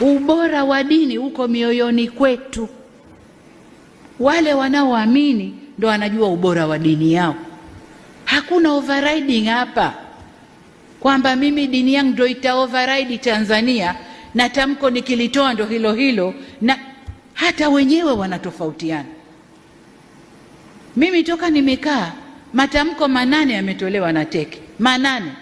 Ubora wa dini uko mioyoni kwetu. Wale wanaoamini ndo wanajua ubora wa dini yao. Hakuna overriding hapa, kwamba mimi dini yangu ndo ita override Tanzania na tamko nikilitoa ndo hilo hilo, na hata wenyewe wanatofautiana. Mimi toka nimekaa matamko manane yametolewa na teki manane.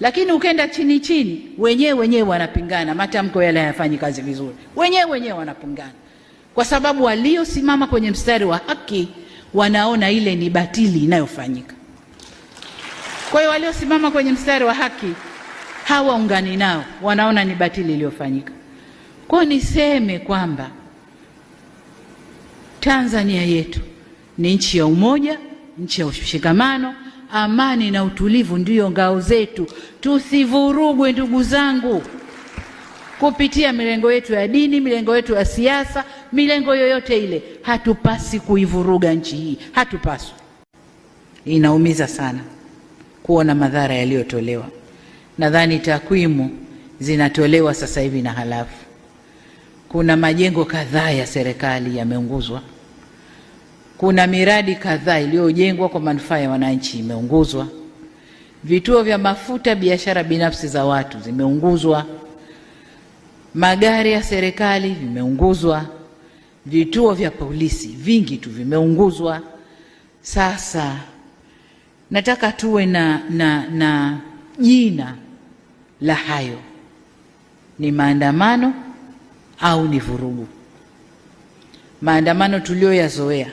Lakini ukienda chini chini, wenyewe wenyewe wanapingana, matamko yale hayafanyi kazi vizuri, wenyewe wenyewe wanapingana, kwa sababu waliosimama kwenye mstari wa haki wanaona ile ni batili inayofanyika. Kwa hiyo waliosimama kwenye mstari wa haki hawaungani nao, wanaona ni batili iliyofanyika. Kwa hiyo niseme kwamba Tanzania yetu ni nchi ya umoja, nchi ya ushikamano amani na utulivu ndiyo ngao zetu. Tusivurugwe ndugu zangu, kupitia milengo yetu ya dini, milengo yetu ya siasa, milengo yoyote ile. Hatupasi kuivuruga nchi hii, hatupaswi. Inaumiza sana kuona madhara yaliyotolewa. Nadhani takwimu zinatolewa sasa hivi na halafu, kuna majengo kadhaa ya serikali yameunguzwa. Kuna miradi kadhaa iliyojengwa kwa manufaa ya wananchi imeunguzwa, vituo vya mafuta, biashara binafsi za watu zimeunguzwa, magari ya serikali vimeunguzwa, vituo vya polisi vingi tu vimeunguzwa. Sasa nataka tuwe na, na, na jina la hayo, ni maandamano au ni vurugu? Maandamano tuliyoyazoea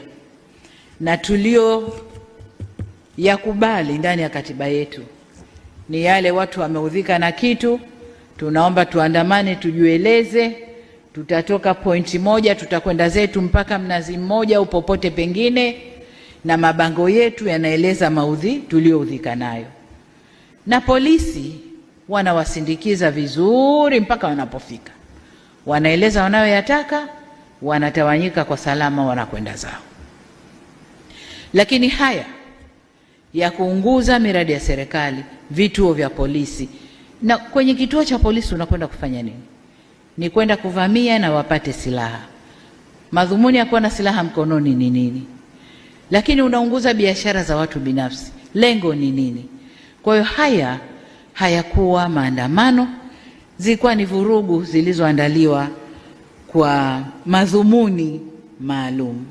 na tulioyakubali ndani ya katiba yetu ni yale watu wameudhika na kitu, tunaomba tuandamane, tujueleze Tutatoka pointi moja, tutakwenda zetu mpaka Mnazi Mmoja au popote pengine, na mabango yetu yanaeleza maudhi tuliyoudhika nayo, na polisi wanawasindikiza vizuri mpaka wanapofika, wanaeleza wanayoyataka, wanatawanyika kwa salama, wanakwenda zao. Lakini haya ya kuunguza miradi ya serikali, vituo vya polisi, na kwenye kituo cha polisi unakwenda kufanya nini? Ni kwenda kuvamia na wapate silaha. Madhumuni ya kuwa na silaha mkononi ni nini? Lakini unaunguza biashara za watu binafsi, lengo ni nini? Kwa hiyo haya hayakuwa maandamano, zilikuwa ni vurugu zilizoandaliwa kwa madhumuni maalum.